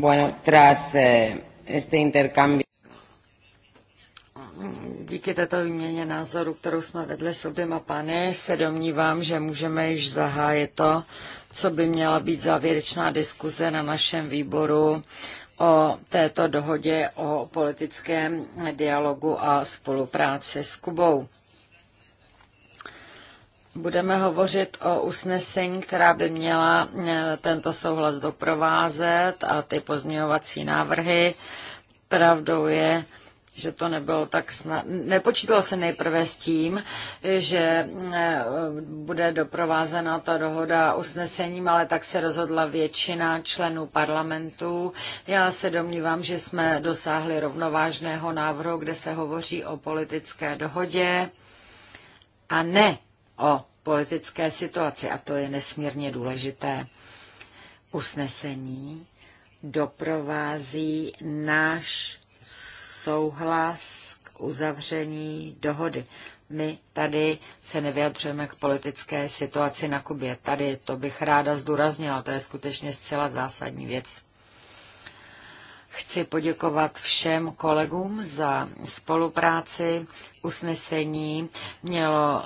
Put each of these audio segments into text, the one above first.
Bueno, tras eh, este intercambio. Díky této výměně názoru, kterou jsme vedli s oběma pány, se domnívám, že můžeme již zahájit to, co by měla být závěrečná diskuze na našem výboru o této dohodě o politickém dialogu a spolupráci s Kubou. Budeme hovořit o usnesení, která by měla eh, tento souhlas doprovázet a ty pozměňovací návrhy. Pravdou je, že to nebylo tak snad. Nepočítalo se nejprve s tím, že eh, bude doprovázena ta dohoda usnesením, ale tak se rozhodla většina členů parlamentu. Já se domnívám, že jsme dosáhli rovnovážného návrhu, kde se hovoří o politické dohodě a ne o politické situaci, a to je nesmírně důležité usnesení, doprovází náš souhlas k uzavření dohody. My tady se nevyjadřujeme k politické situaci na Kubě. Tady to bych ráda zdůraznila, to je skutečně zcela zásadní věc Chci poděkovat všem kolegům za spolupráci. Usnesení mělo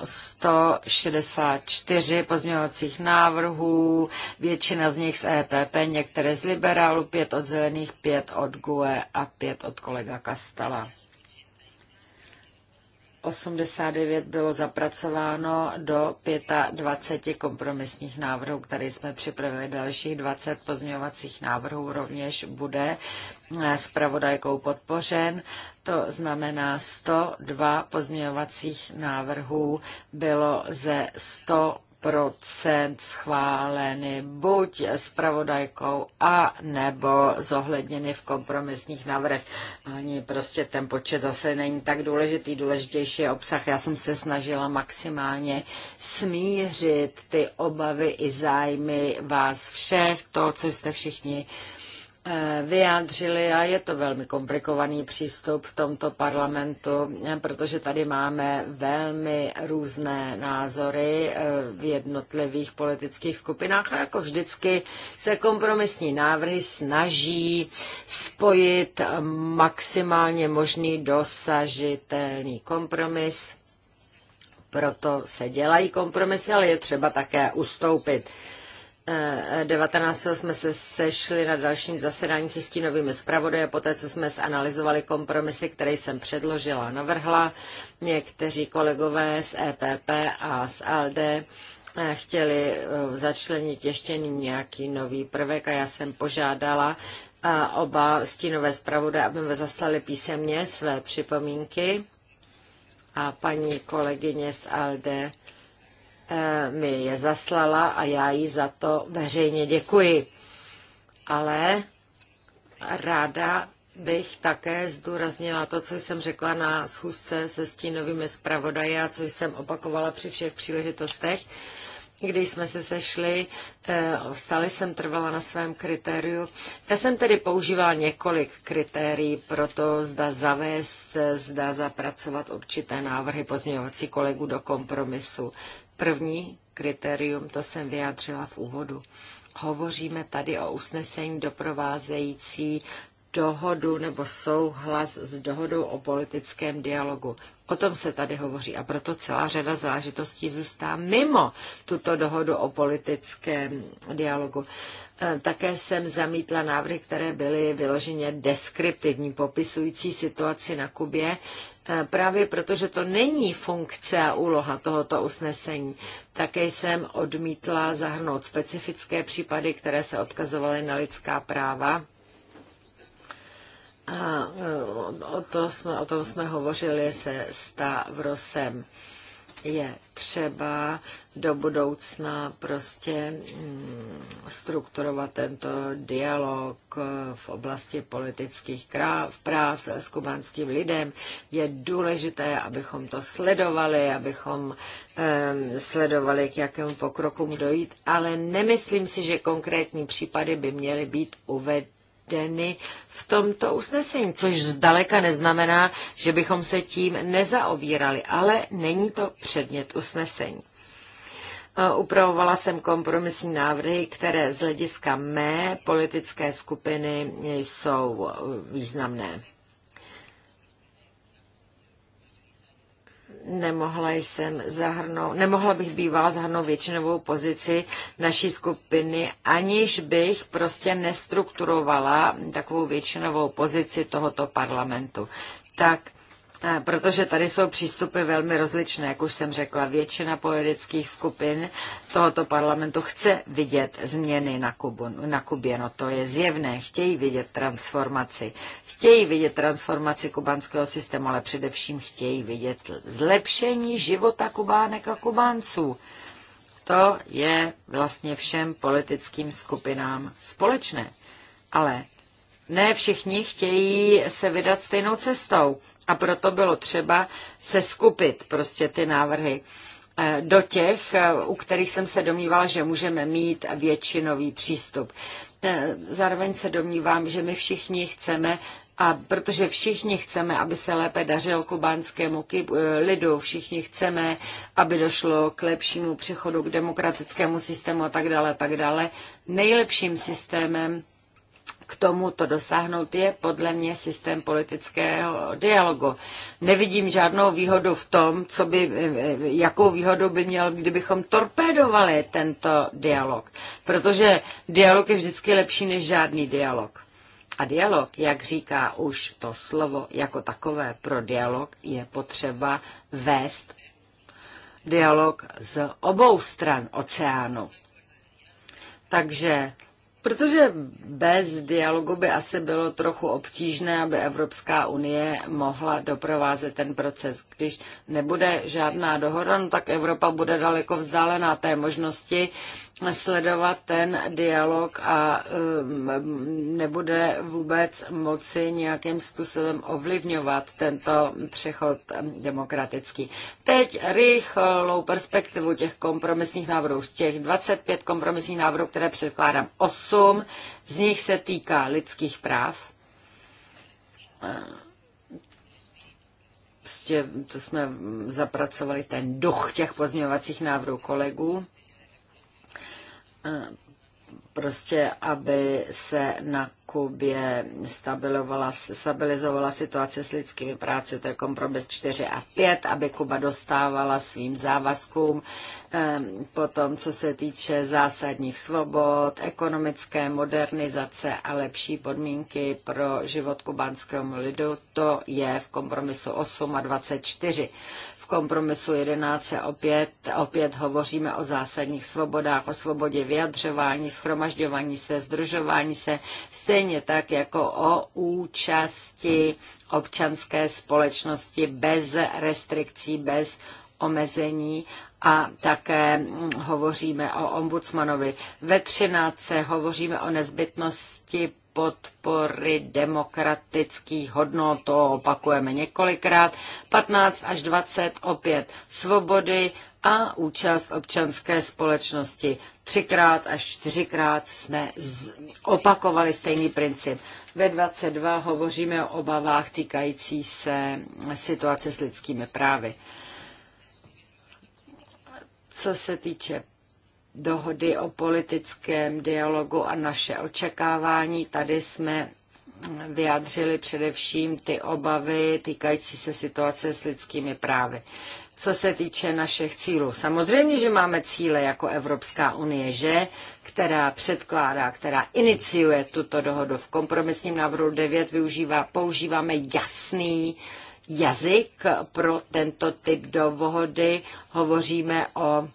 164 pozměňovacích návrhů, většina z nich z EPP, některé z liberálů, pět od zelených, pět od GUE a pět od kolega Kastala. 89 bylo zapracováno do 25 kompromisních návrhů, které jsme připravili. Dalších 20 pozměňovacích návrhů rovněž bude eh, zpravodajkou podpořen. To znamená 102 pozměňovacích návrhů bylo ze 100 schváleny buď s pravodajkou a nebo zohledněny v kompromisních návrh. Ani prostě ten počet zase není tak důležitý, důležitější je obsah. Já jsem se snažila maximálně smířit ty obavy i zájmy vás všech, to, co jste všichni uh, Eh, vyjádřili a je to velmi komplikovaný přístup v tomto parlamentu, eh, protože tady máme velmi různé názory eh, v jednotlivých politických skupinách a jako vždycky se kompromisní návrhy snaží spojit maximálně možný dosažitelný kompromis. Proto se dělají kompromisy, ale je třeba také ustoupit. 19. jsme se sešli na dalším zasedání se stínovými zpravodaji a poté, co jsme zanalizovali kompromisy, které jsem předložila a navrhla. Někteří kolegové z EPP a z ALD eh, chtěli eh, začlenit ještě nějaký nový prvek a já jsem požádala eh, oba stínové zpravodaje, aby mi zaslali písemně své připomínky a paní kolegyně z ALDE E, mi je zaslala a já jí za to veřejně děkuji. Ale ráda bych také zdůraznila to, co jsem řekla na schůzce se stínovými zpravodaji a co jsem opakovala při všech příležitostech když jsme se sešli, eh, stále jsem trvala na svém kritériu. Já jsem tedy používala několik kritérií pro to, zda zavést, zda zapracovat určité návrhy pozměňovací kolegu do kompromisu. První kritérium, to jsem vyjádřila v úvodu. Hovoříme tady o usnesení doprovázející dohodu nebo souhlas s dohodou o politickém dialogu. O tom se tady hovoří a proto celá řada záležitostí zůstá mimo tuto dohodu o politickém dialogu. E, také jsem zamítla návrhy, které byly vyloženě deskriptivní, popisující situaci na Kubě, e, právě protože to není funkce a úloha tohoto usnesení. Také jsem odmítla zahrnout specifické případy, které se odkazovaly na lidská práva a eh, o, to jsme, o tom jsme hovořili se Stavrosem. Je třeba do budoucna prostě mm, strukturovat tento dialog eh, v oblasti politických práv, práv s kubánským lidem. Je důležité, abychom to sledovali, abychom eh, sledovali, k jakému pokroku dojít, ale nemyslím si, že konkrétní případy by měly být uvedeny uvedeny v tomto usnesení, což zdaleka neznamená, že bychom se tím nezaobírali, ale není to předmět usnesení. Upravovala jsem kompromisní návrhy, které z hlediska mé politické skupiny jsou významné. nemohla jsem zahrnout, nemohla bych bývala zahrnout většinovou pozici naší skupiny, aniž bych prostě nestrukturovala takovou většinovou pozici tohoto parlamentu. Tak protože tady jsou přístupy velmi rozličné. Jak už jsem řekla, většina politických skupin tohoto parlamentu chce vidět změny na, Kubu, na Kubě. No to je zjevné. Chtějí vidět transformaci. Chtějí vidět transformaci kubanského systému, ale především chtějí vidět zlepšení života Kubánek a Kubánců. To je vlastně všem politickým skupinám společné. Ale ne všichni chtějí se vydat stejnou cestou. A proto bylo třeba se skupit. prostě ty návrhy eh, do těch, eh, u kterých jsem se domnívala, že můžeme mít většinový přístup. Eh, zároveň se domnívám, že my všichni chceme, a protože všichni chceme, aby se lépe dařilo kubánskému lidu, všichni chceme, aby došlo k lepšímu přechodu k demokratickému systému a tak dále, tak dále. Nejlepším systémem k tomuto dosáhnout, je podle mě systém politického dialogu. Nevidím žádnou výhodu v tom, co by, jakou výhodu by měl, kdybychom torpédovali tento dialog. Protože dialog je vždycky lepší než žádný dialog. A dialog, jak říká už to slovo jako takové pro dialog, je potřeba vést dialog z obou stran oceánu. Takže Protože bez dialogu by asi bylo trochu obtížné, aby Evropská unie mohla doprovázet ten proces. Když nebude žádná dohoda, no tak Evropa bude daleko vzdálená té možnosti, sledovat ten dialog a um, nebude vůbec moci nějakým způsobem ovlivňovat tento přechod demokratický. Teď rychlou perspektivu těch kompromisních návrhů. Z těch 25 kompromisních návrhů, které předkládám, 8 z nich se týká lidských práv prostě to jsme zapracovali ten duch těch pozměňovacích návrhů kolegů. Eh, prostě, aby se na Kubě stabilizovala, stabilizovala situace s lidskými práci, to je kompromis 4 a 5, aby Kuba dostávala svým závazkům. Ehm, potom, co se týče zásadních svobod, ekonomické modernizace a lepší podmínky pro život kubánského lidu, to je v kompromisu 8 a 24. V kompromisu 11 se opět, opět hovoříme o zásadních svobodách, o svobodě vyjadřování, schromažďování se, združování se, stejně tak jako o účasti občanské společnosti bez restrikcí, bez omezení a také hovoříme o ombudsmanovi. Ve 13. hovoříme o nezbytnosti podpory demokratických hodnot, to opakujeme několikrát, 15 až 20 opět svobody a účast občanské společnosti. Třikrát až čtyřikrát jsme opakovali stejný princip. Ve 22 hovoříme o obavách týkající se situace s lidskými právy. Co se týče dohody o politickém dialogu a naše očekávání. Tady jsme vyjádřili především ty obavy týkající se situace s lidskými právy. Co se týče našich cílů, samozřejmě, že máme cíle jako Evropská unie, že, která předkládá, která iniciuje tuto dohodu. V kompromisním návrhu 9 využívá, používáme jasný jazyk pro tento typ dohody. Hovoříme o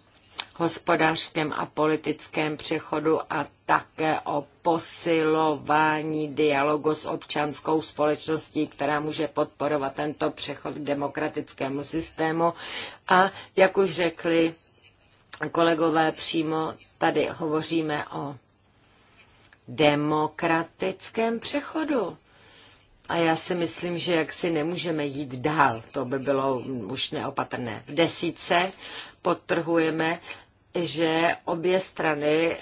hospodářském a politickém přechodu a také o posilování dialogu s občanskou společností, která může podporovat tento přechod k demokratickému systému. A jak už řekli kolegové přímo, tady hovoříme o demokratickém přechodu. A já si myslím, že jaksi nemůžeme jít dál, to by bylo už neopatrné. V desíce podtrhujeme že obě strany eh,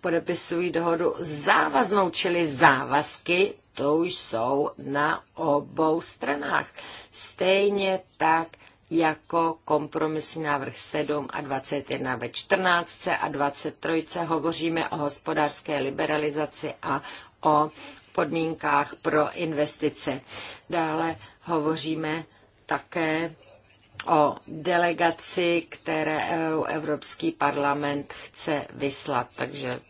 podepisují dohodu závaznou, čili závazky, to už jsou na obou stranách. Stejně tak jako kompromisní návrh 7 a 21 ve 14 a 23 hovoříme o hospodářské liberalizaci a o podmínkách pro investice. Dále hovoříme také o delegaci, které Evropský parlament chce vyslat. Takže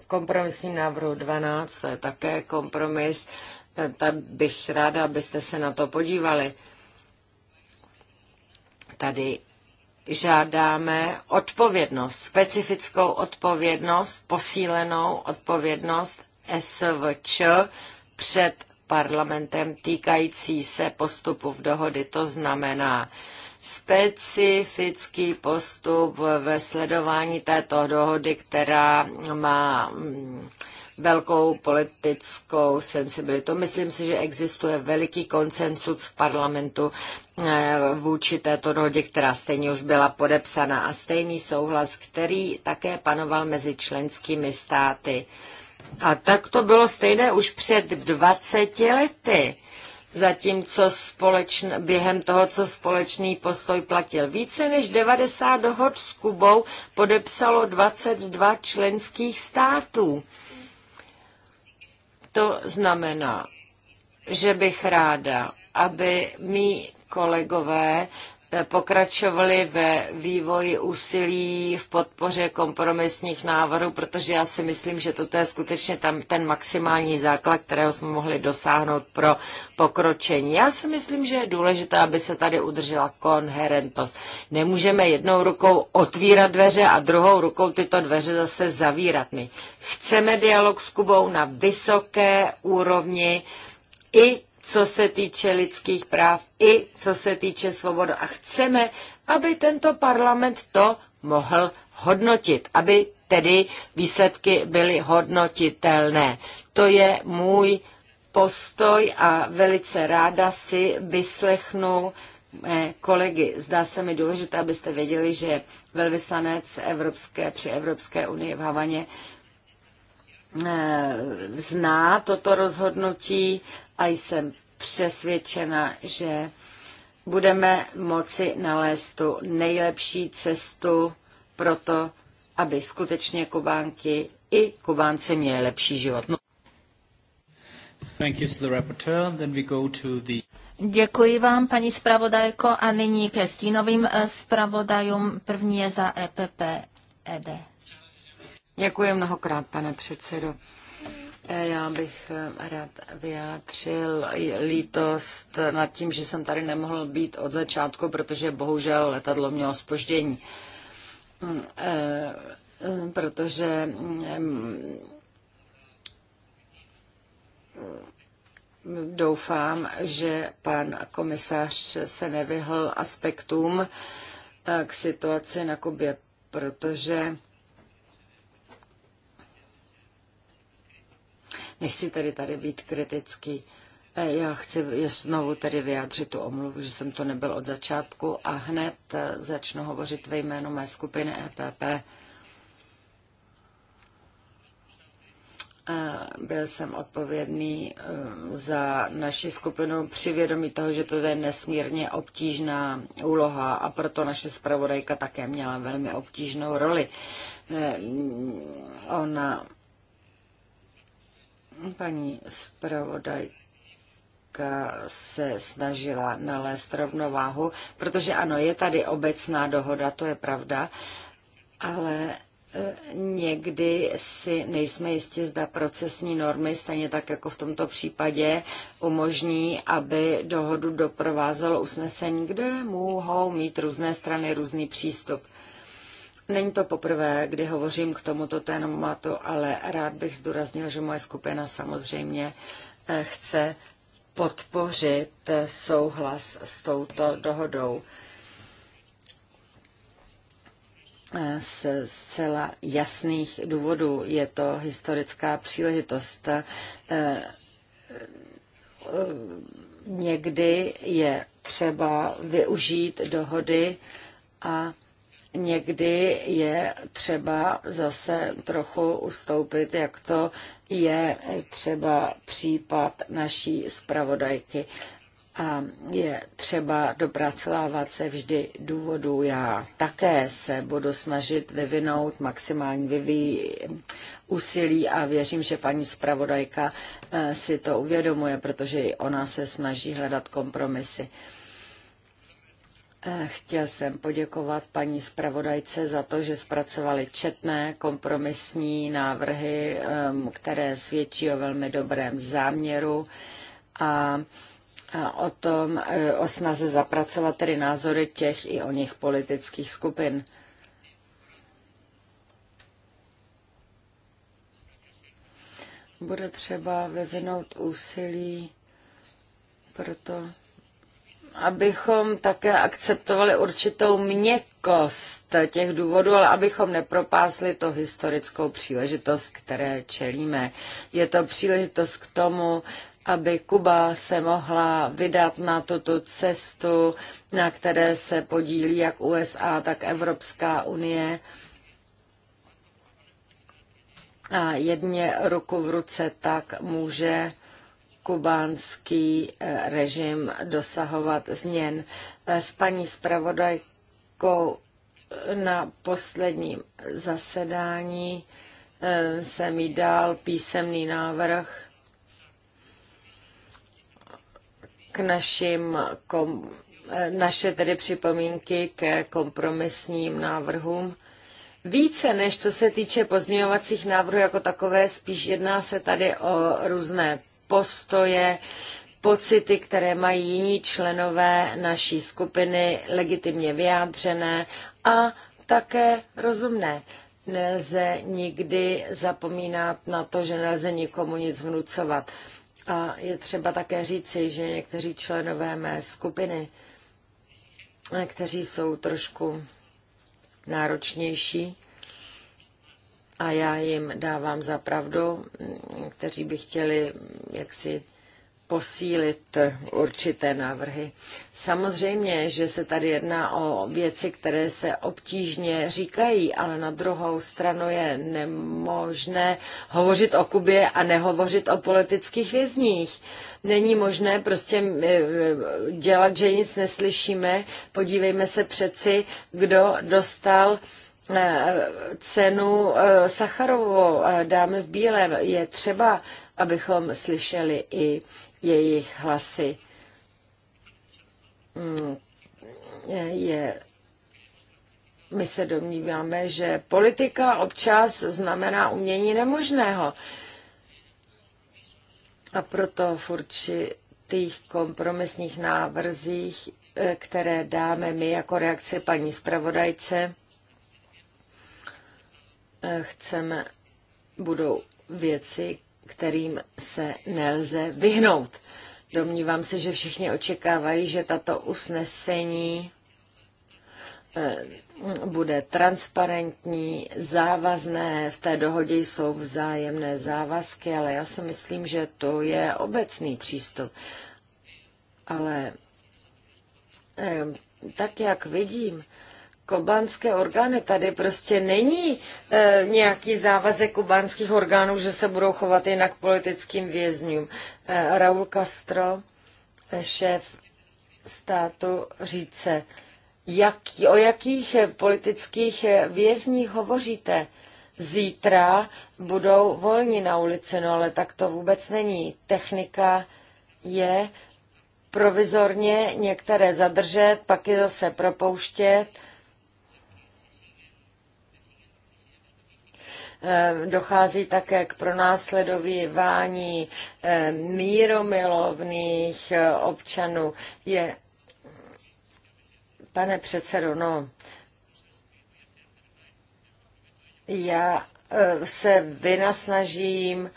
v kompromisním návrhu 12, to je také kompromis, tak bych ráda, abyste se na to podívali. Tady žádáme odpovědnost, specifickou odpovědnost, posílenou odpovědnost SVČ před parlamentem týkající se postupu v dohody. To znamená specifický postup ve sledování této dohody, která má mm, velkou politickou sensibilitu. Myslím si, že existuje veliký koncensus v parlamentu eh, vůči této dohodě, která stejně už byla podepsána a stejný souhlas, který také panoval mezi členskými státy. A tak to bylo stejné už před 20 lety. Zatímco společn, během toho, co společný postoj platil více než 90 dohod s Kubou, podepsalo 22 členských států. To znamená, že bych ráda, aby mý kolegové pokračovali ve vývoji úsilí v podpoře kompromisních návrhů, protože já si myslím, že toto je skutečně tam ten maximální základ, kterého jsme mohli dosáhnout pro pokročení. Já si myslím, že je důležité, aby se tady udržela konherentnost. Nemůžeme jednou rukou otvírat dveře a druhou rukou tyto dveře zase zavírat. My chceme dialog s Kubou na vysoké úrovni, i co se týče lidských práv i co se týče svobod. A chceme, aby tento parlament to mohl hodnotit, aby tedy výsledky byly hodnotitelné. To je můj postoj a velice ráda si vyslechnu mé eh, kolegy. Zdá se mi důležité, abyste věděli, že velvyslanec Evropské při Evropské unii v Havaně Eh, zná toto rozhodnutí a jsem přesvědčena, že budeme moci nalézt tu nejlepší cestu pro to, aby skutečně Kubánky i Kubánci měli lepší život. No. Thank you to the rapporteur. Then we go to the... Děkuji vám, paní zpravodajko, a nyní ke stínovým eh, zpravodajům. První je za EPP ED. Děkuji mnohokrát, pane předsedo. E, já bych e, rád vyjádřil lítost nad tím, že jsem tady nemohl být od začátku, protože bohužel letadlo mělo spoždění. Mm, e, protože mm, mm, doufám, že pan komisař se nevyhl aspektům k situaci na Kubě, protože Nechci tady tady být kritický. E, já chci znovu tedy vyjádřit tu omluvu, že jsem to nebyl od začátku a hned e, začnu hovořit ve jménu mé skupiny EPP. E, byl jsem odpovědný za naši skupinu při vědomí toho, že to je nesmírně obtížná úloha a proto naše zpravodajka také měla velmi obtížnou roli. Ona Paní zpravodajka se snažila nalézt rovnováhu, protože ano, je tady obecná dohoda, to je pravda, ale e, Někdy si nejsme jistě, zda procesní normy, stejně tak jako v tomto případě, umožní, aby dohodu doprovázelo usnesení, kde mohou mít různé strany různý přístup. Není to poprvé, kdy hovořím k tomuto tématu, ale rád bych zdůraznil, že moje skupina samozřejmě eh, chce podpořit eh, souhlas s touto dohodou. Eh, z zcela jasných důvodů je to historická příležitost. Někdy je třeba využít dohody a někdy je třeba zase trochu ustoupit, jak to je třeba případ naší zpravodajky. A je třeba dopracovávat se vždy důvodů. Já také se budu snažit vyvinout maximální vyvíj úsilí a věřím, že paní zpravodajka eh, si to uvědomuje, protože i ona se snaží hledat kompromisy. Eh, chtěl jsem poděkovat paní zpravodajce za to, že zpracovali četné kompromisní návrhy, ehm, které svědčí o velmi dobrém záměru a o tom, eh, o snaze zapracovat tedy názory těch i o nich politických skupin. Bude třeba vyvinout úsilí proto, abychom také akceptovali určitou měkkost těch důvodů, ale abychom nepropásli to historickou příležitost, které čelíme. Je to příležitost k tomu, aby Kuba se mohla vydat na tuto cestu, na které se podílí jak USA, tak Evropská unie. A jedně ruku v ruce tak může kubánský eh, režim dosahovat změn. Eh, s paní zpravodajkou na posledním zasedání eh, jsem jí dal písemný návrh k našim kom, naše tedy připomínky ke kompromisním návrhům. Více než co se týče pozměňovacích návrhů jako takové, spíš jedná se tady o různé postoje, pocity, které mají jiní členové naší skupiny, legitimně vyjádřené a také rozumné. Nelze nikdy zapomínat na to, že nelze nikomu nic vnucovat. A je třeba také říci, že někteří členové mé skupiny, kteří jsou trošku náročnější, a já jim dávám za pravdu, kteří by chtěli jaksi posílit určité návrhy. Samozřejmě, že se tady jedná o věci, které se obtížně říkají, ale na druhou stranu je nemožné hovořit o Kubě a nehovořit o politických vězních. Není možné prostě eh, dělat, že nic neslyšíme. Podívejme se přeci, kdo dostal Eh, cenu eh, Sacharovou eh, dáme v bílém. Je třeba, abychom slyšeli i jejich hlasy. Hmm. Je my se domníváme, že politika občas znamená umění nemožného. A proto v určitých kompromisních návrzích, které dáme my jako reakce paní zpravodajce, Eh, chceme, budou věci, kterým se nelze vyhnout. Domnívám se, že všichni očekávají, že tato usnesení eh, bude transparentní, závazné, v té dohodě jsou vzájemné závazky, ale já si myslím, že to je obecný přístup. Ale eh, tak, jak vidím, kubánské orgány. Tady prostě není e, nějaký závazek kubánských orgánů, že se budou chovat jinak politickým vězňům. E, Raul Castro, e, šéf státu říce, jak, o jakých politických vězních hovoříte? Zítra budou volní na ulici, no ale tak to vůbec není. Technika je provizorně některé zadržet, pak je zase propouštět Eh, dochází také k pronásledování eh, míromilovných eh, občanů. Je, pane předsedo, no, já se vynasnažím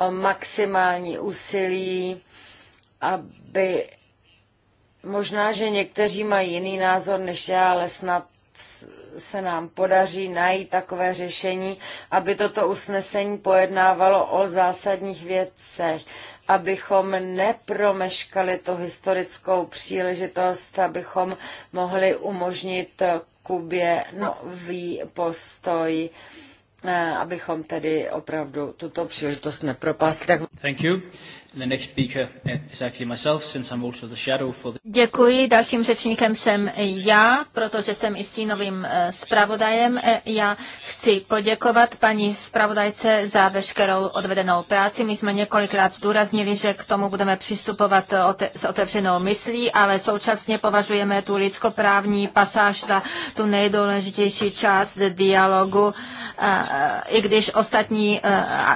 o maximální úsilí, aby možná, že někteří mají jiný názor než já, ale snad se nám podaří najít takové řešení, aby toto usnesení pojednávalo o zásadních věcech, abychom nepromeškali tu historickou příležitost, abychom mohli umožnit Kubě nový postoj, eh, abychom tedy opravdu tuto příležitost nepropastli. Thank you. Děkuji, dalším řečníkem jsem já, protože jsem i stínovým eh, zpravodajem. Eh, já chci poděkovat paní zpravodajce za veškerou odvedenou práci. My jsme několikrát zdůraznili, že k tomu budeme přistupovat eh, s otevřenou myslí, ale současně považujeme tu lidskoprávní pasáž za tu nejdůležitější část dialogu, i když ostatní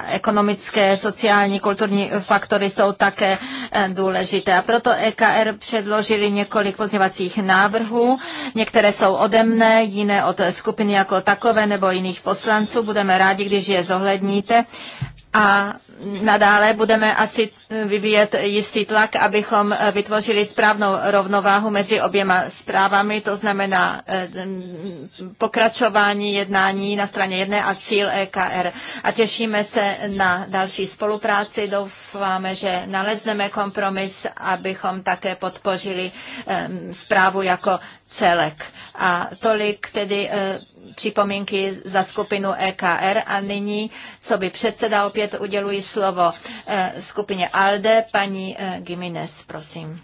ekonomické, sociální, kulturní faktory jsou také eh, důležité. A proto EKR předložili několik pozněvacích návrhů. Některé jsou ode mne, jiné od skupiny jako takové nebo jiných poslanců. Budeme rádi, když je zohledníte a nadále budeme asi vyvíjet jistý tlak, abychom vytvořili správnou rovnováhu mezi oběma zprávami, to znamená eh, pokračování jednání na straně jedné a cíl EKR. A těšíme se na další spolupráci. Doufáme, že nalezneme kompromis, abychom také podpořili eh, zprávu jako celek. A tolik tedy eh, připomínky za skupinu EKR a nyní, co by předseda, opět uděluji slovo eh, skupině ALDE, paní eh, Gimines, prosím.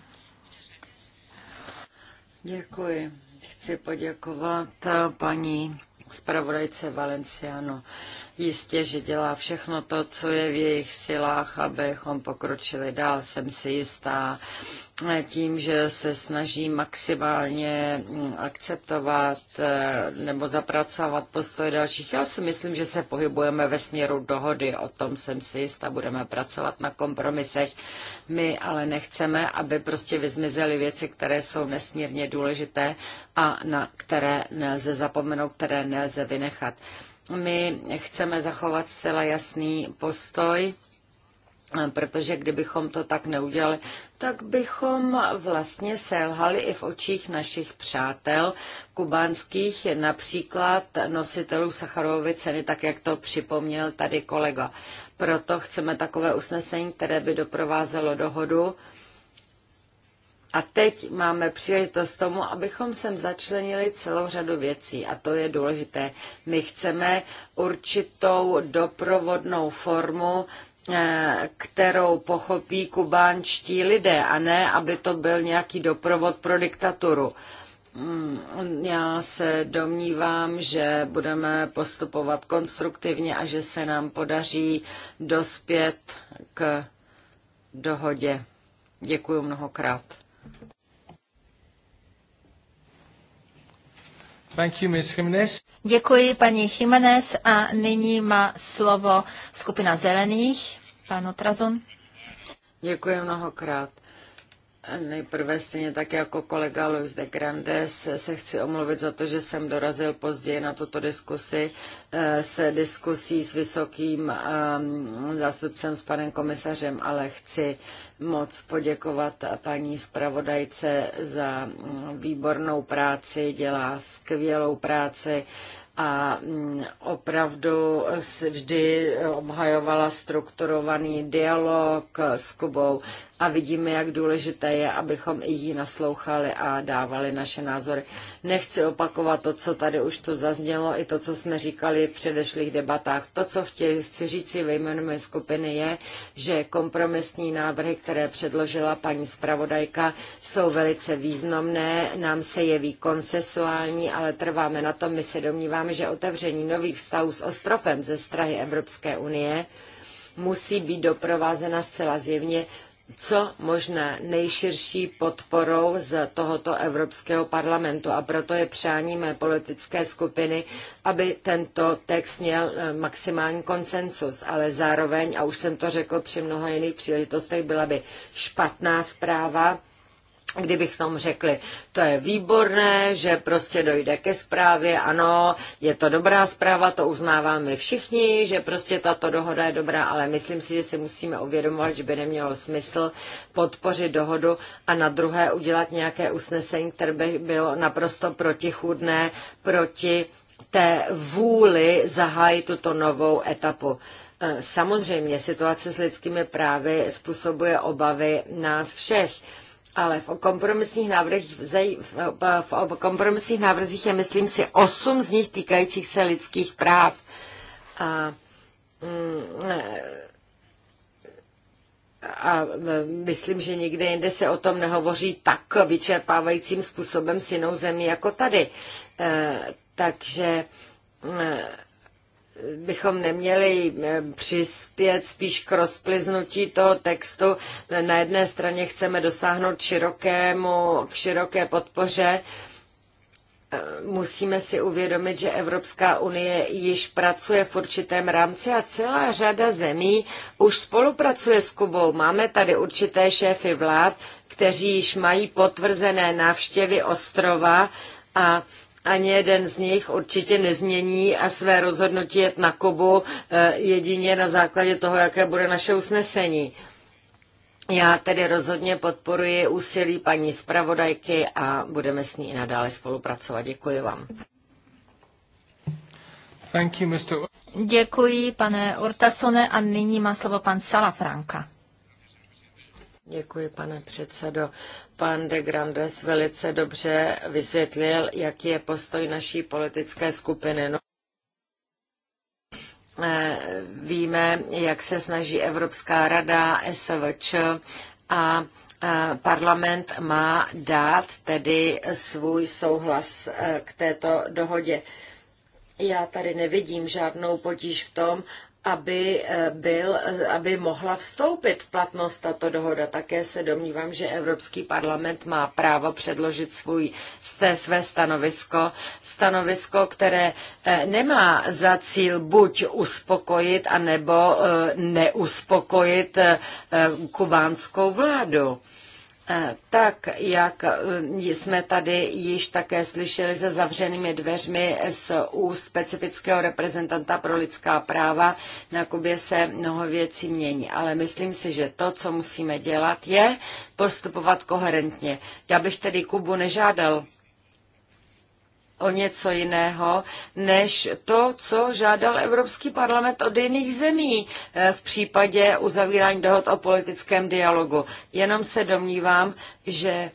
Děkuji. Chci poděkovat eh, paní zpravodajce Valenciano Jistě, že dělá všechno to, co je v jejich silách, abychom pokročili dál, jsem si jistá. Tím, že se snaží maximálně mm, akceptovat eh, nebo zapracovat postoje dalších, já si myslím, že se pohybujeme ve směru dohody, o tom jsem si jistá, budeme pracovat na kompromisech. My ale nechceme, aby prostě vyzmizely věci, které jsou nesmírně důležité a na které nelze zapomenout, které nelze vynechat. My chceme zachovat zcela jasný postoj, protože kdybychom to tak neudělali, tak bychom vlastně selhali i v očích našich přátel kubánských, například nositelů Sacharovovy ceny, tak jak to připomněl tady kolega. Proto chceme takové usnesení, které by doprovázelo dohodu, a teď máme příležitost tomu, abychom sem začlenili celou řadu věcí a to je důležité. My chceme určitou doprovodnou formu, eh, kterou pochopí kubánští lidé a ne, aby to byl nějaký doprovod pro diktaturu. Mm, já se domnívám, že budeme postupovat konstruktivně a že se nám podaří dospět k dohodě. Děkuji mnohokrát. Děkuji, paní Jiménez. A nyní má slovo skupina zelených, pan Otrazon. Děkuji mnohokrát. Nejprve stejně tak jako kolega Luis de Grandes se chci omluvit za to, že jsem dorazil později na tuto diskusi eh, se diskusí s vysokým ehm, zástupcem s panem komisařem, ale chci moc poděkovat paní zpravodajce za mm, výbornou práci, dělá skvělou práci a mm, opravdu vždy obhajovala strukturovaný dialog s Kubou a vidíme, jak důležité je, abychom i jí naslouchali a dávali naše názory. Nechci opakovat to, co tady už tu zaznělo, i to, co jsme říkali v předešlých debatách. To, co chtěli, chci říct si ve jménu mé skupiny, je, že kompromisní návrhy, které předložila paní zpravodajka, jsou velice významné, nám se jeví konsensuální, ale trváme na tom, my se domníváme, že otevření nových vztahů s ostrofem ze strany Evropské unie musí být doprovázena zcela zjevně co možná nejširší podporou z tohoto Evropského parlamentu. A proto je přání mé politické skupiny, aby tento text měl eh, maximální konsensus. Ale zároveň, a už jsem to řekl při mnoha jiných příležitostech, byla by špatná zpráva, kdybychom řekli, to je výborné, že prostě dojde ke zprávě, ano, je to dobrá zpráva, to uznáváme všichni, že prostě tato dohoda je dobrá, ale myslím si, že si musíme uvědomovat, že by nemělo smysl podpořit dohodu a na druhé udělat nějaké usnesení, které by bylo naprosto protichudné proti té vůli zahájit tuto novou etapu. Eh, samozřejmě situace s lidskými právy způsobuje obavy nás všech ale v kompromisních návrzích, v kompromisních návrzích je, myslím si, osm z nich týkajících se lidských práv. A, mm, a e, myslím, že nikde jinde se o tom nehovoří tak vyčerpávajícím způsobem s jinou zemí jako tady. E, takže mm, bychom neměli eh, přispět spíš k rozpliznutí toho textu. Na jedné straně chceme dosáhnout širokému, k široké podpoře, eh, musíme si uvědomit, že Evropská unie již pracuje v určitém rámci a celá řada zemí už spolupracuje s Kubou. Máme tady určité šéfy vlád, kteří již mají potvrzené návštěvy ostrova a ani jeden z nich určitě nezmění a své rozhodnutí jet na Kobu eh, jedině na základě toho, jaké bude naše usnesení. Já tedy rozhodně podporuji úsilí paní zpravodajky a budeme s ní i nadále spolupracovat. Děkuji vám. Děkuji, pane Ortasone a nyní má slovo pan Salafranka. Děkuji, pane předsedo. Pan de Grandes velice dobře vysvětlil, jaký je postoj naší politické skupiny. No, eh, víme, jak se snaží Evropská rada, SVČ a eh, parlament má dát tedy svůj souhlas eh, k této dohodě. Já tady nevidím žádnou potíž v tom, aby, eh, byl, eh, aby mohla vstoupit v platnost tato dohoda. Také se domnívám, že Evropský parlament má právo předložit svůj, své, své stanovisko. Stanovisko, které eh, nemá za cíl buď uspokojit, anebo neuspokojit kubánskou vládu. Tak, jak eh, jsme tady již také slyšeli za zavřenými dveřmi z úst specifického reprezentanta pro lidská práva, na Kubě se mnoho věcí mění, ale myslím si, že to, co musíme dělat, je postupovat koherentně. Já bych tedy Kubu nežádal, o něco jiného, než to, co žádal Evropský parlament od jiných zemí eh, v případě uzavírání dohod o politickém dialogu. Jenom se domnívám, že eh,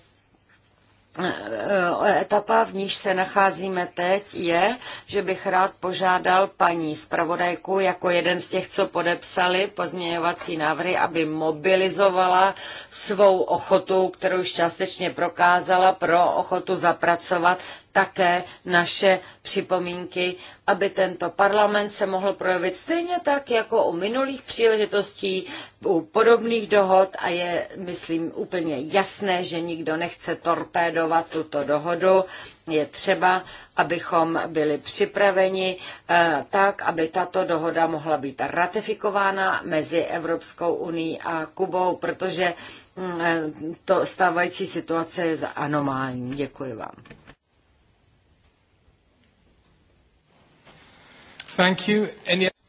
etapa, v níž se nacházíme teď, je, že bych rád požádal paní zpravodajku jako jeden z těch, co podepsali pozměňovací návrhy, aby mobilizovala svou ochotu, kterou už částečně prokázala pro ochotu zapracovat také naše připomínky, aby tento parlament se mohl projevit stejně tak, jako u minulých příležitostí, u podobných dohod a je, myslím, úplně jasné, že nikdo nechce torpédovat tuto dohodu. Je třeba, abychom byli připraveni eh, tak, aby tato dohoda mohla být ratifikována mezi Evropskou unii a Kubou, protože mm, eh, to stávající situace je anomální. Děkuji vám.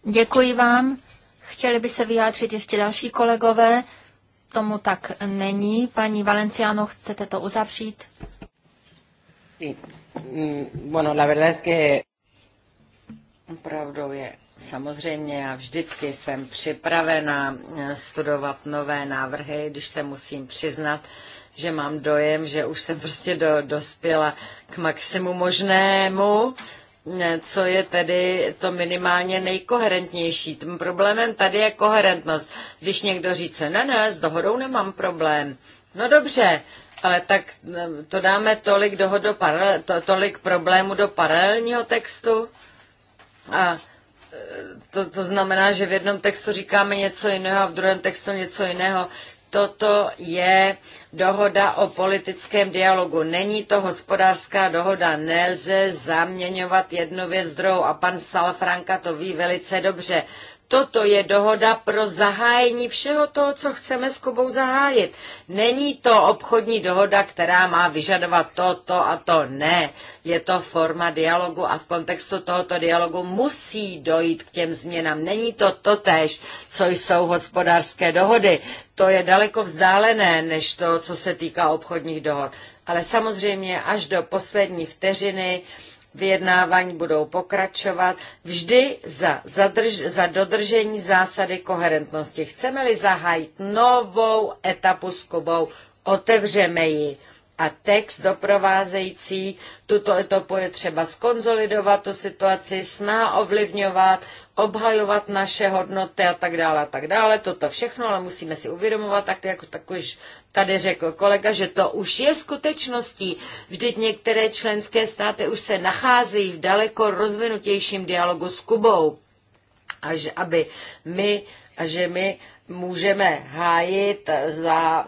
Děkuji vám. Chtěli by se vyjádřit ještě další kolegové. Tomu tak není. Paní Valenciano, chcete to uzavřít? Mm, bueno, la verdad es que pravdou je samozřejmě, já vždycky jsem připravena eh, studovat nové návrhy, když se musím přiznat, že mám dojem, že už jsem prostě do, dospěla k maximu možnému co je tedy to minimálně nejkoherentnější. Tím problémem tady je koherentnost. Když někdo říce, ne, ne, s dohodou nemám problém. No dobře, ale tak eh, to dáme tolik, dohod do paralel, to, tolik problému do paralelního textu. A eh, to, to znamená, že v jednom textu říkáme něco jiného a v druhém textu něco jiného. Toto je dohoda o politickém dialogu. Není to hospodářská dohoda. Nelze zaměňovat jednu věc druhou. A pan Salfranka to ví velice dobře. Toto je dohoda pro zahájení všeho toho, co chceme s Kubou zahájit. Není to obchodní dohoda, která má vyžadovat to, to a to. Ne, je to forma dialogu a v kontextu tohoto dialogu musí dojít k těm změnám. Není to totéž, co jsou hospodářské dohody. To je daleko vzdálené než to, co se týká obchodních dohod. Ale samozřejmě až do poslední vteřiny, Vyjednávání budou pokračovat vždy za, zadrž, za dodržení zásady koherentnosti. Chceme-li zahájit novou etapu s Kubou, otevřeme ji a text doprovázející tuto etapu je třeba skonzolidovat tu situaci, sná ovlivňovat, obhajovat naše hodnoty a tak dále a tak dále. Toto všechno, ale musíme si uvědomovat, tak jako tak už tady řekl kolega, že to už je skutečností. Vždyť některé členské státy už se nacházejí v daleko rozvinutějším dialogu s Kubou. Až aby my, a že my můžeme hájit za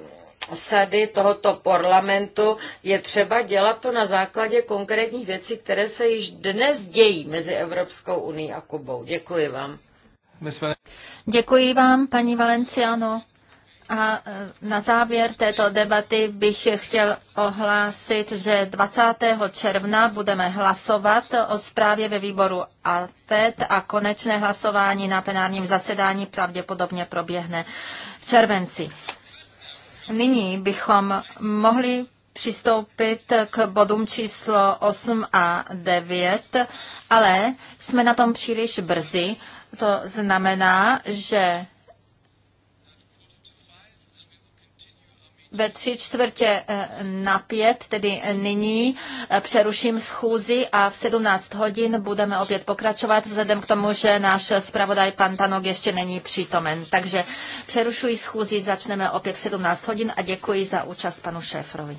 sady tohoto parlamentu je třeba dělat to na základě konkrétních věcí, které se již dnes dějí mezi Evropskou unii a Kubou. Děkuji vám. Děkuji vám, paní Valenciano. A e, na závěr této debaty bych chtěl ohlásit, že 20. června budeme hlasovat o zprávě ve výboru AFED a konečné hlasování na plenárním zasedání pravděpodobně proběhne v červenci. Nyní bychom mohli přistoupit k bodům číslo 8 a 9, ale jsme na tom příliš brzy. To znamená, že ve tři čtvrtě eh, na pět, tedy eh, nyní, eh, přeruším schůzi a v 17 hodin budeme opět pokračovat, vzhledem k tomu, že náš zpravodaj pan Tanok ještě není přítomen. Takže přerušuji schůzi, začneme opět v 17 hodin a děkuji za účast panu Šéfrovi.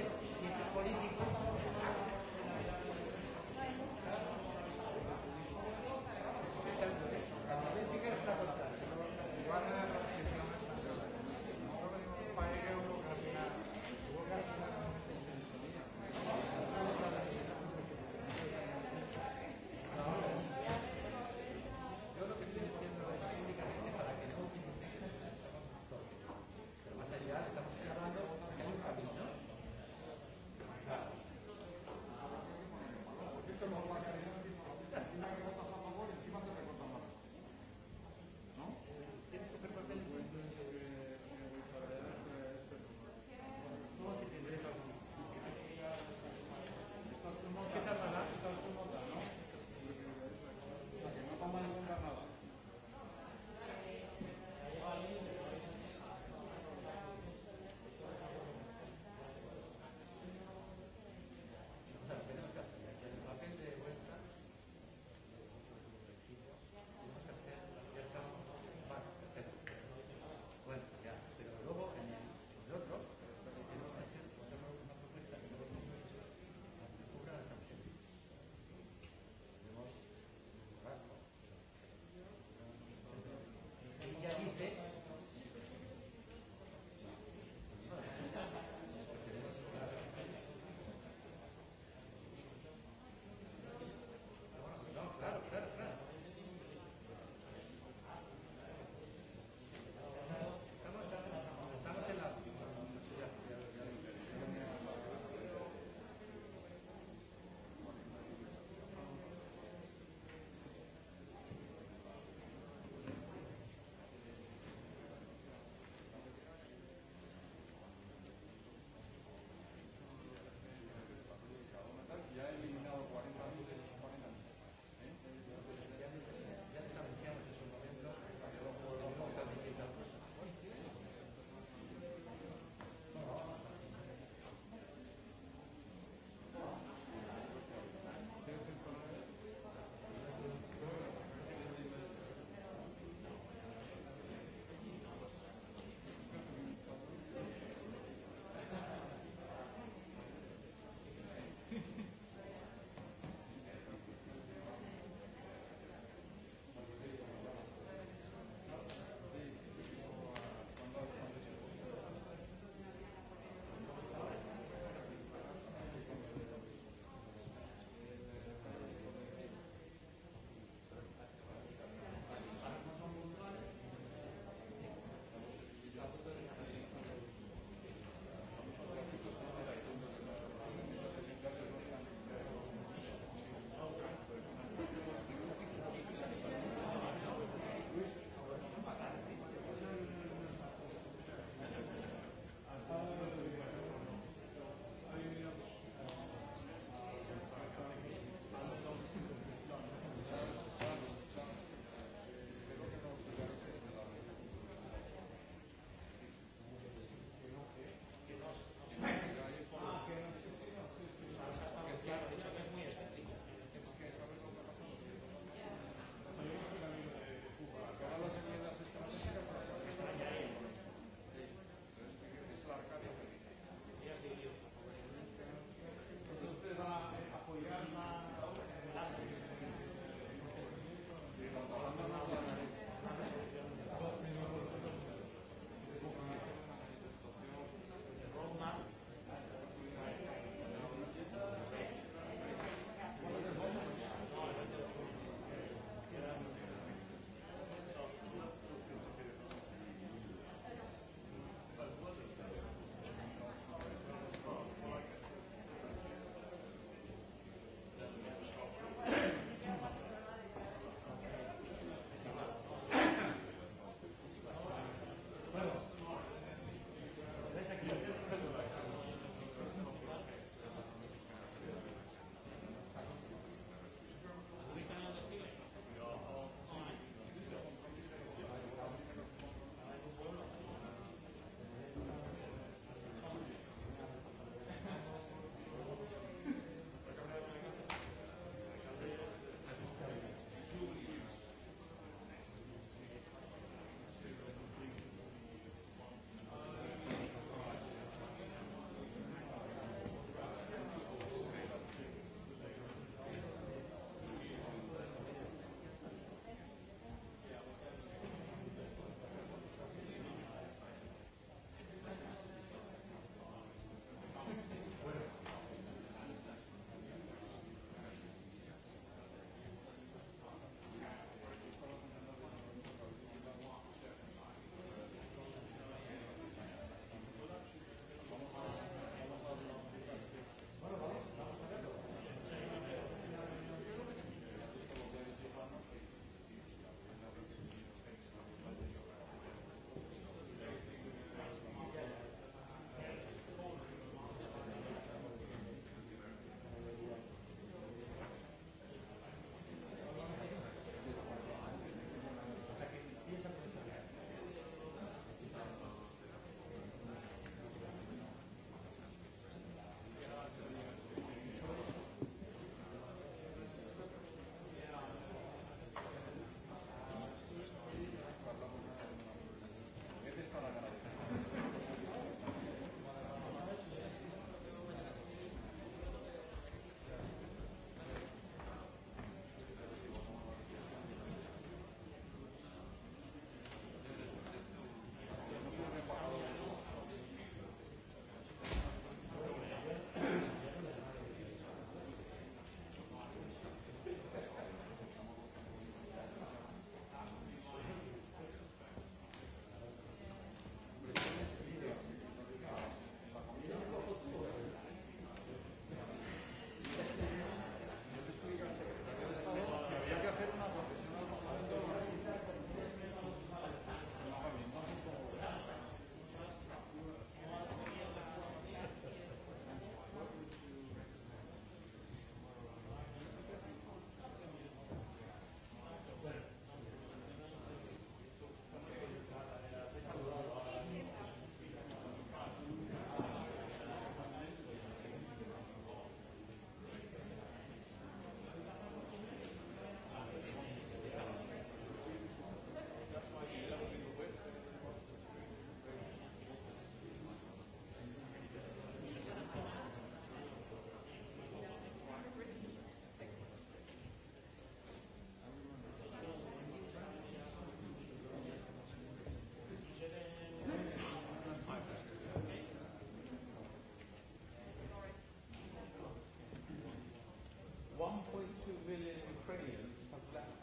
1.2 million Ukrainians have left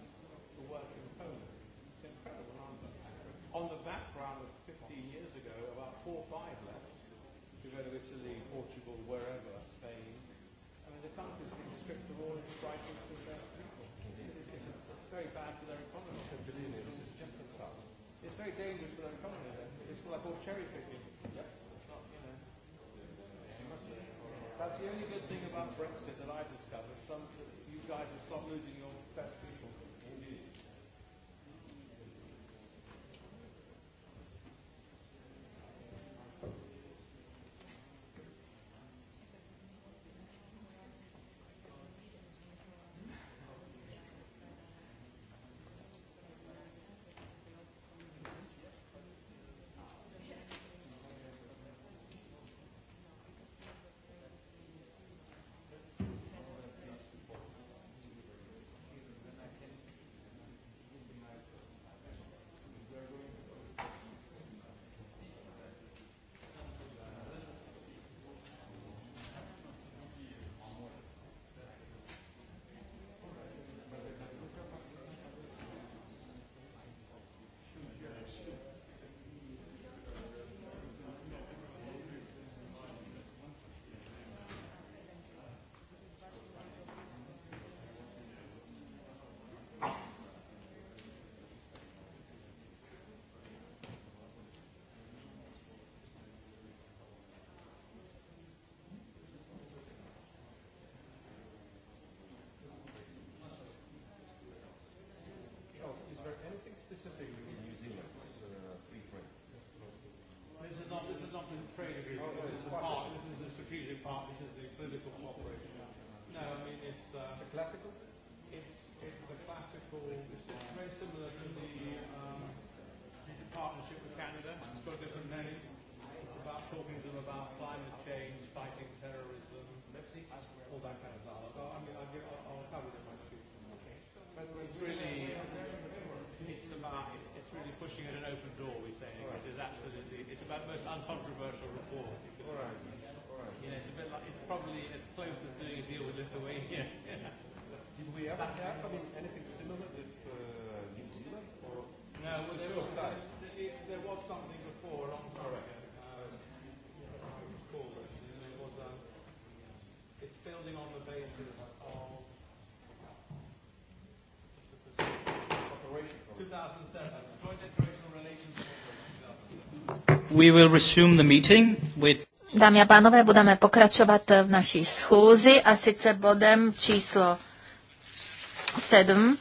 to work in Poland. It's an incredible number. On the background of 15 years ago, about four or five left to go to Italy, Portugal, wherever, Spain. I mean, the country's been stripped of all its rights to their people. It's, a, it's very bad for their economy. This is just the start. It's very dangerous for their economy. It's like all cherry picking. Yep. Not, you know. That's the only good thing about Brexit that I've some you guys will stop losing there anything specific in New Zealand's uh, This is not this is not the trade agreement. Oh, oh this is the part. This is the strategic part. This is the political cooperation. No, I mean it's uh, a classical. It's it's a classical. It's, very similar to the um, partnership with Canada. It's got a different name. It's about talking to them about climate change saying, right. which is absolutely, it's about the most uncontroversial report. All right. All right. You know, it's a bit like, it's probably as close as doing a deal with Lithuania. yeah. Yeah. Did we ever have, I mean, anything similar with uh, New Zealand? Or no, well, all was, We will resume the meeting with... Dámy a pánové, budeme pokračovat v naší schůzi a sice bodem číslo 7.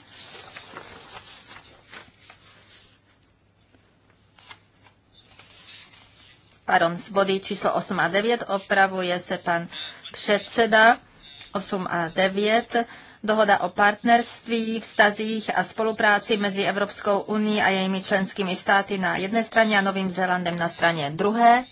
Pardon, z body číslo 8 a 9 opravuje se pan předseda 8 a 9 dohoda o partnerství, vztazích a spolupráci mezi Evropskou unii a jejími členskými státy na jedné straně a Novým Zélandem na straně druhé.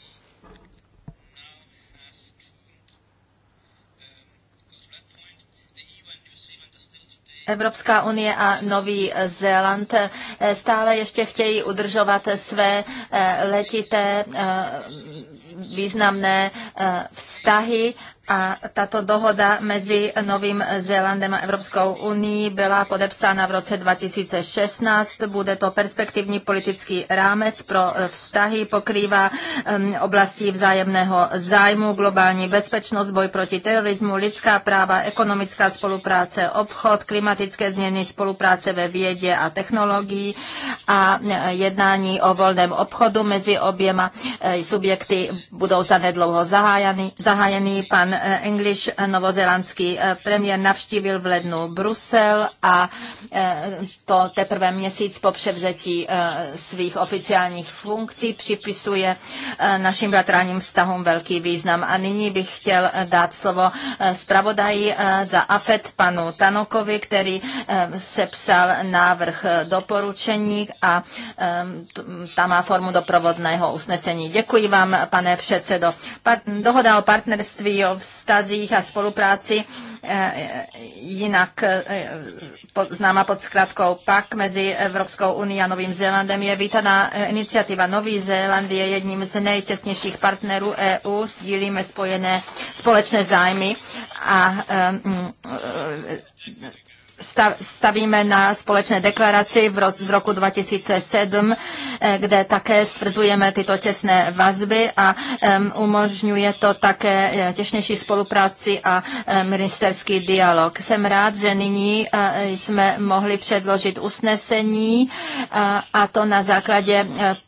Evropská unie a Nový Zéland eh, stále ještě chtějí udržovat své eh, letité eh, významné vztahy a tato dohoda mezi Novým Zélandem a Evropskou unii byla podepsána v roce 2016. Bude to perspektivní politický rámec pro vztahy, pokrývá oblasti vzájemného zájmu, globální bezpečnost, boj proti terorismu, lidská práva, ekonomická spolupráce, obchod, klimatické změny, spolupráce ve vědě a technologií a e, jednání o volném obchodu mezi oběma e, subjekty budou zanedlouho zahájeny. zahájeny. Pan Eh, English, eh, novozelandský eh, premiér, navštívil v lednu Brusel a to teprve měsíc po převzetí svých oficiálních funkcí připisuje našim bratráním vztahům velký význam. A nyní bych chtěl dát slovo zpravodaji za AFET panu Tanokovi, který sepsal návrh doporučení a ta má formu doprovodného usnesení. Děkuji vám, pane předsedo. Dohoda o partnerství o vztazích a spolupráci eh, eh, jinak eh, známa pod zkratkou PAK mezi Evropskou unii a Novým Zélandem je vítaná iniciativa. Nový Zéland je jedním z nejtěsnějších partnerů EU, sdílíme spojené společné zájmy a mm, stavíme na společné deklaraci v roce, z roku 2007, eh, kde také stvrzujeme tyto těsné vazby a umožňuje to také eh, těsnější spolupráci a ministerský dialog. Jsem rád, že nyní eh, jsme mohli předložit usnesení a to na základě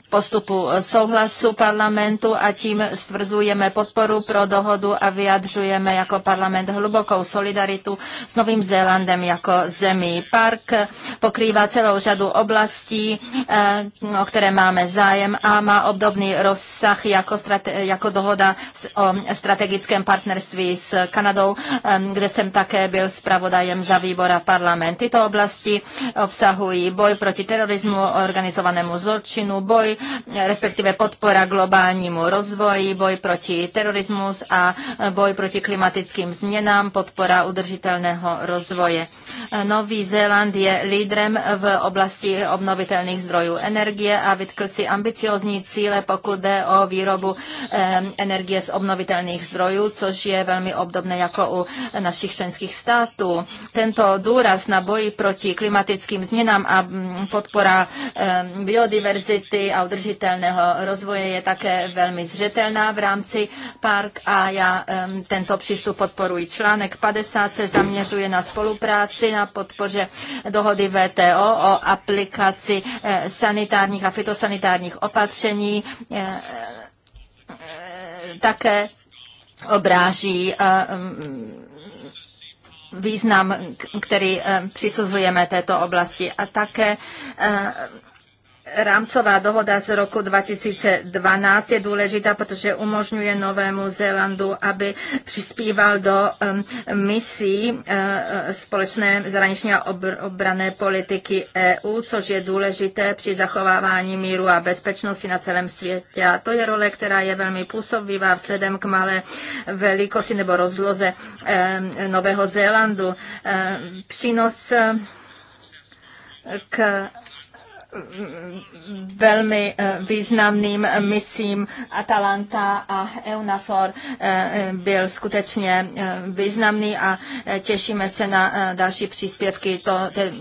postupu souhlasu parlamentu a tím stvrzujeme podporu pro dohodu a vyjadřujeme jako parlament hlubokou solidaritu s Novým Zélandem jako zemí. Park pokrývá celou řadu oblastí, eh, o které máme zájem a má obdobný rozsah jako, jako dohoda o strategickém partnerství s Kanadou, eh, kde jsem také byl zpravodajem za výbora parlament. Tyto oblasti obsahují boj proti terorismu, organizovanému zločinu, boj respektive podpora globálnímu rozvoji, boj proti terorismu a boj proti klimatickým změnám, podpora udržitelného rozvoje. Nový Zéland je lídrem v oblasti obnovitelných zdrojů energie a vytkl si ambiciozní cíle, pokud jde o výrobu eh, energie z obnovitelných zdrojů, což je velmi obdobné jako u našich členských států. Tento důraz na boji proti klimatickým změnám a mm, podpora eh, biodiverzity a udržitelného rozvoje je také velmi zřetelná v rámci park a já tento přístup podporuji. Článek 50 se zaměřuje na spolupráci, na podpoře dohody VTO o aplikaci eh, sanitárních a fitosanitárních opatření. Eh, eh, také obráží mm, význam, který přisuzujeme této oblasti. A také Rámcová dohoda z roku 2012 je důležitá, protože umožňuje Novému Zélandu, aby přispíval do misí eh, společné zahraniční a obrané politiky EU, což je důležité při zachovávání míru a bezpečnosti na celém světě. A to je role, která je velmi působivá vzhledem k malé velikosti nebo rozloze Nového Zélandu. Přínos eh, k velmi eh, významným misím Atalanta a EUNAFOR eh, eh, byl skutečně významný a těšíme se na další příspěvky to, te,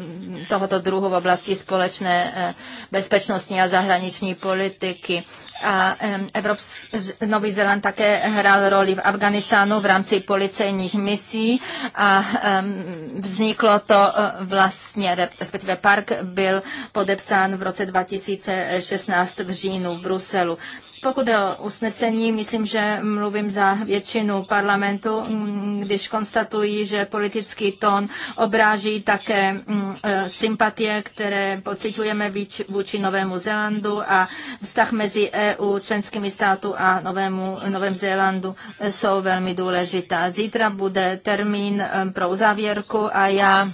tohoto druhu v oblasti společné bezpečnostní a zahraniční politiky. A Evrops, Nový Zéland také hrál roli v Afganistánu v rámci policejních misí a vzniklo to vlastně, respektive park byl podepsán projednán v roce 2016 v říjnu v Bruselu. Pokud je o usnesení, myslím, že mluvím za většinu parlamentu, mm, když konstatují, že politický tón obráží také mm, e, sympatie, které pociťujeme vůči Novému Zélandu a vztah mezi EU, členskými státu a Novému, Novém Zélandu e, jsou velmi důležitá. Zítra bude termín e, pro uzávěrku a já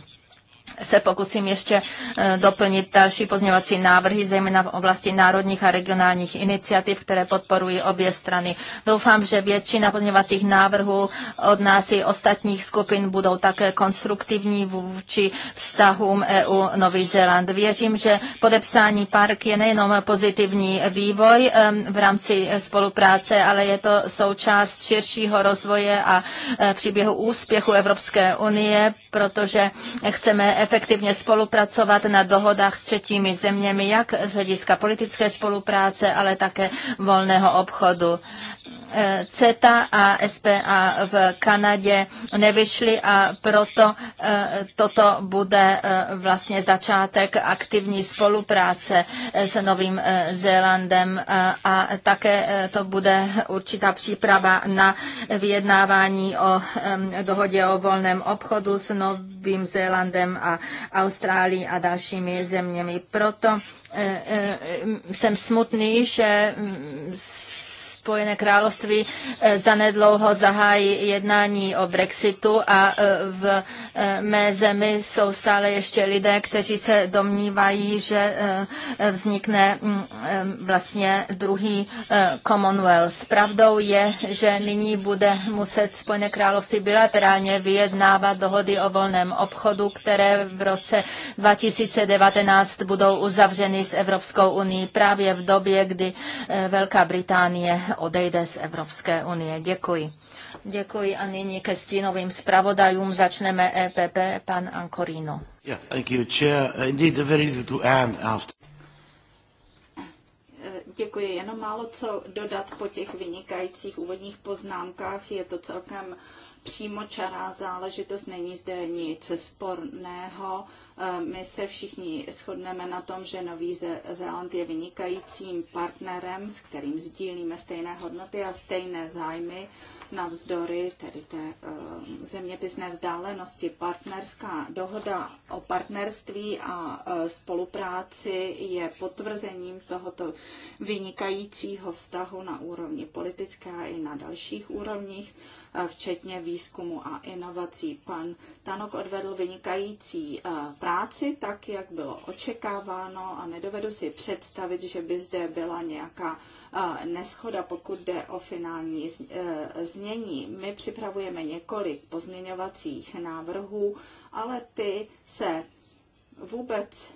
se pokusím ještě eh, doplnit další pozměňovací návrhy, zejména v oblasti národních a regionálních iniciativ, které podporují obě strany. Doufám, že většina pozměňovacích návrhů od nás i ostatních skupin budou také konstruktivní vůči vztahům EU Nový Zéland. Věřím, že podepsání park je nejenom pozitivní vývoj v rámci spolupráce, ale je to součást širšího rozvoje a eh, příběhu úspěchu Evropské unie protože chceme efektivně spolupracovat na dohodách s třetími zeměmi, jak z hlediska politické spolupráce, ale také volného obchodu. Eh, CETA a SPA v Kanadě nevyšly a proto eh, toto bude eh, vlastně začátek aktivní spolupráce s Novým Zélandem a také to bude určitá příprava na vyjednávání o dohodě o volném obchodu s Novým Zélandem a Austrálií a dalšími zeměmi. Proto jsem smutný, že mm, Spojené království eh, zanedlouho zahájí jednání o Brexitu a eh, v eh, mé zemi jsou stále ještě lidé, kteří se domnívají, že vznikne mm, vlastně druhý Commonwealth. Pravdou je, že nyní bude muset Spojené království bilaterálně vyjednávat dohody o volném obchodu, které v roce 2019 budou uzavřeny s Evropskou unii právě v době, kdy Velká Británie odejde z Evropské unie. Děkuji. Děkuji a nyní ke stínovým zpravodajům začneme EPP, pan Ancorino. Uh, to eh, Děkuji. Jenom málo co dodat po těch vynikajících úvodních poznámkách. Je to celkem uh, přímočará záležitost, není zde nic sporného. Eh, my se všichni shodneme na tom, že Nový Zéland je vynikajícím partnerem, s kterým sdílíme stejné hodnoty a stejné zájmy navzdory tedy té eh, zeměpisné vzdálenosti. Partnerská dohoda o partnerství a eh, spolupráci je potvrzením tohoto vynikajícího vztahu na úrovni politické a i na dalších úrovních, eh, včetně výzkumu a inovací. Pan Tanok odvedl vynikající práci, tak jak bylo očekáváno a nedovedu si představit, že by zde byla nějaká neschoda, pokud jde o finální e, znění. My připravujeme několik pozměňovacích návrhů, ale ty se vůbec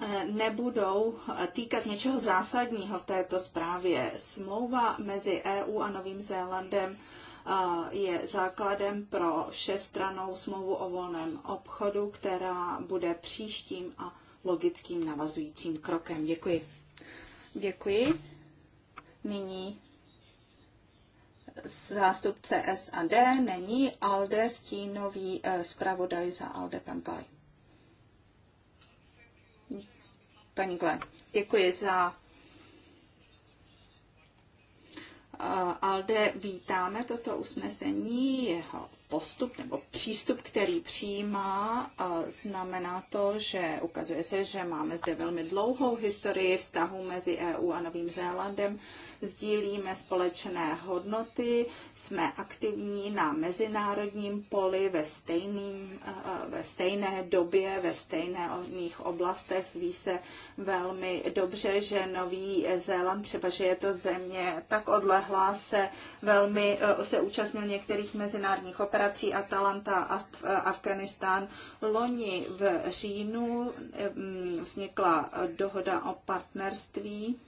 e, nebudou týkat něčeho zásadního v této zprávě. Smlouva mezi EU a Novým Zélandem e, je základem pro šestranou smlouvu o volném obchodu, která bude příštím a logickým navazujícím krokem. Děkuji. Děkuji. Nyní zástupce SAD není ALDE stínový eh, zpravodaj za ALDE Pantaj. Paní Glenn, děkuji za eh, ALDE. Vítáme toto usnesení, jeho postup nebo přístup, který přijímá, znamená to, že ukazuje se, že máme zde velmi dlouhou historii vztahů mezi EU a Novým Zélandem, sdílíme společné hodnoty, jsme aktivní na mezinárodním poli ve, stejným, ve stejné době, ve stejných oblastech. Ví se velmi dobře, že Nový Zéland, třeba že je to země tak odlehlá, se velmi e, se účastnil některých mezinárodních operací, operací Atalanta a eh, Afganistán. Loni v říjnu mm, vznikla dohoda o partnerství,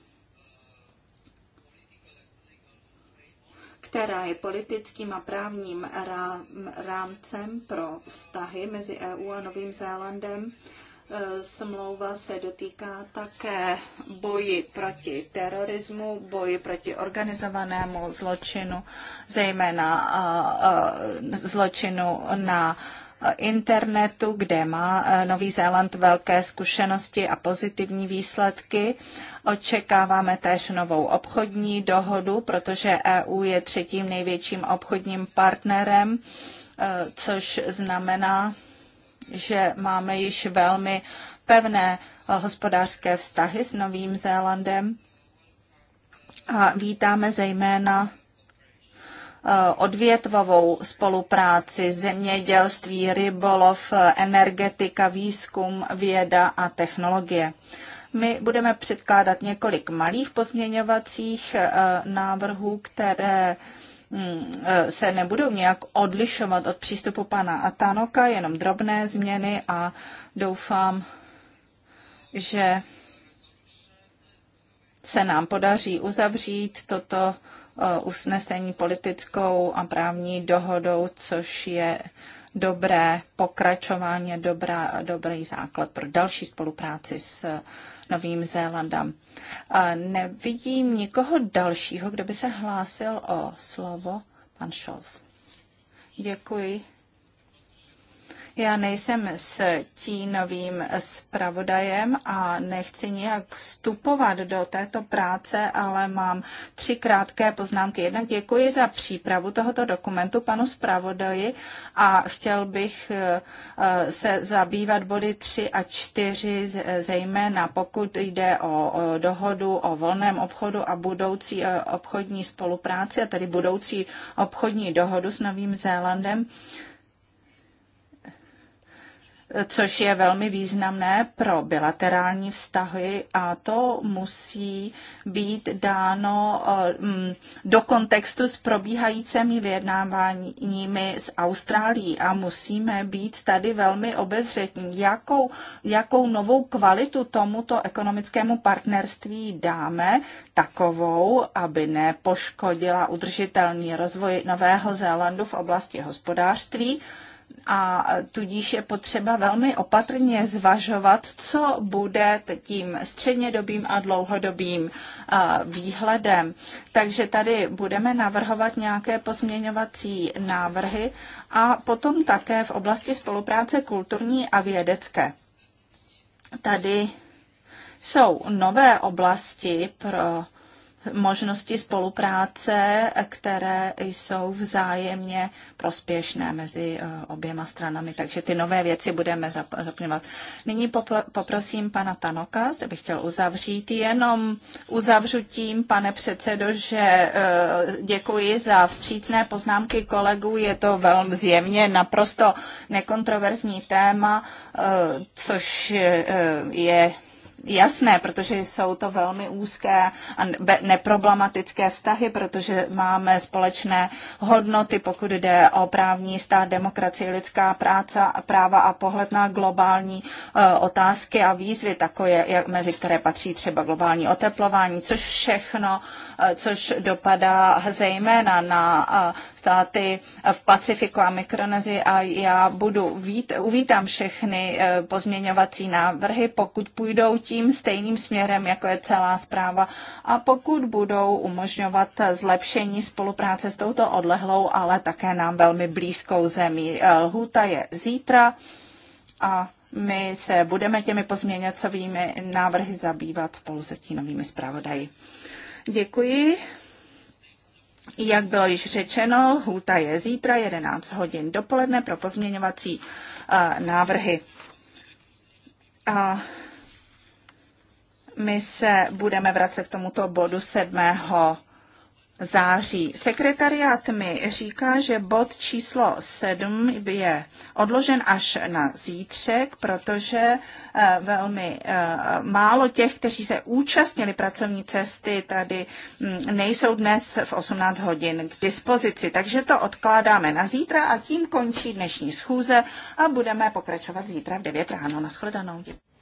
která je politickým a právním rámcem pro vztahy mezi EU a Novým Zélandem E, smlouva se dotýká také boji proti terorismu, boji proti organizovanému zločinu, zejména zločinu na internetu, kde má e, Nový Zéland velké zkušenosti a pozitivní výsledky. Očekáváme též novou obchodní dohodu, protože EU je třetím největším obchodním partnerem, e, což znamená, že máme již velmi pevné eh, hospodářské vztahy s Novým Zélandem a vítáme zejména eh, odvětvovou spolupráci, zemědělství, rybolov, eh, energetika, výzkum, věda a technologie. My budeme předkládat několik malých pozměňovacích návrhů, které Hmm, e, se nebudou nějak odlišovat od přístupu pana Atanoka, jenom drobné změny a doufám, že se nám podaří uzavřít toto e, usnesení politickou a právní dohodou, což je dobré pokračování dobrá, dobrý základ pro další spolupráci s Novým Zélandem. Nevidím nikoho dalšího, kdo by se hlásil o slovo. Pan Scholz. Děkuji. Já nejsem s tínovým zpravodajem a nechci nějak vstupovat do této práce, ale mám tři krátké poznámky. Jednak děkuji za přípravu tohoto dokumentu panu zpravodaji a chtěl bych eh, se zabývat body 3 a 4, zejména pokud jde o dohodu o volném obchodu a budoucí eh, obchodní spolupráci, a tedy budoucí obchodní dohodu s Novým Zélandem což je velmi významné pro bilaterální vztahy a to musí být dáno eh, mm, do kontextu s probíhajícími vyjednáváními s Austrálií a musíme být tady velmi obezřetní, jakou, jakou novou kvalitu tomuto ekonomickému partnerství dáme, takovou, aby nepoškodila udržitelný rozvoj Nového Zélandu v oblasti hospodářství, a tudíž je potřeba velmi opatrně zvažovat, co bude tím střednědobým a dlouhodobým výhledem. Takže tady budeme navrhovat nějaké pozměňovací návrhy a potom také v oblasti spolupráce kulturní a vědecké. Tady jsou nové oblasti pro možnosti spolupráce, které jsou vzájemně prospěšné mezi eh, oběma stranami. Takže ty nové věci budeme zaplňovat. Nyní poprosím pana Tanoka, zde bych chtěl uzavřít. Jenom uzavřu tím, pane předsedo, že eh, děkuji za vstřícné poznámky kolegů. Je to velmi zjemně naprosto nekontroverzní téma, eh, což je jasné, protože jsou to velmi úzké a neproblematické vztahy, protože máme společné hodnoty, pokud jde o právní stát, demokracii, lidská práce, práva a pohled na globální eh, otázky a výzvy, takové, mezi které patří třeba globální oteplování, což všechno, eh, což dopadá zejména na eh, státy v Pacifiku a Mikronezi a já budu vít, uvítám všechny eh, pozměňovací návrhy, pokud půjdou tím stejným směrem, jako je celá zpráva a pokud budou umožňovat zlepšení spolupráce s touto odlehlou, ale také nám velmi blízkou zemí. Eh, lhůta je zítra a my se budeme těmi pozměňovacími návrhy zabývat spolu se stínovými zpravodaji. Děkuji. Jak bylo již řečeno, hůta je zítra 11 hodin dopoledne pro pozměňovací eh, návrhy. A my se budeme vracet k tomuto bodu 7 září. Sekretariát mi říká, že bod číslo 7 je odložen až na zítřek, protože eh, velmi eh, málo těch, kteří se účastnili pracovní cesty, tady mm, nejsou dnes v 18 hodin k dispozici. Takže to odkládáme na zítra a tím končí dnešní schůze a budeme pokračovat zítra v 9 ráno. Naschledanou. Děkuji.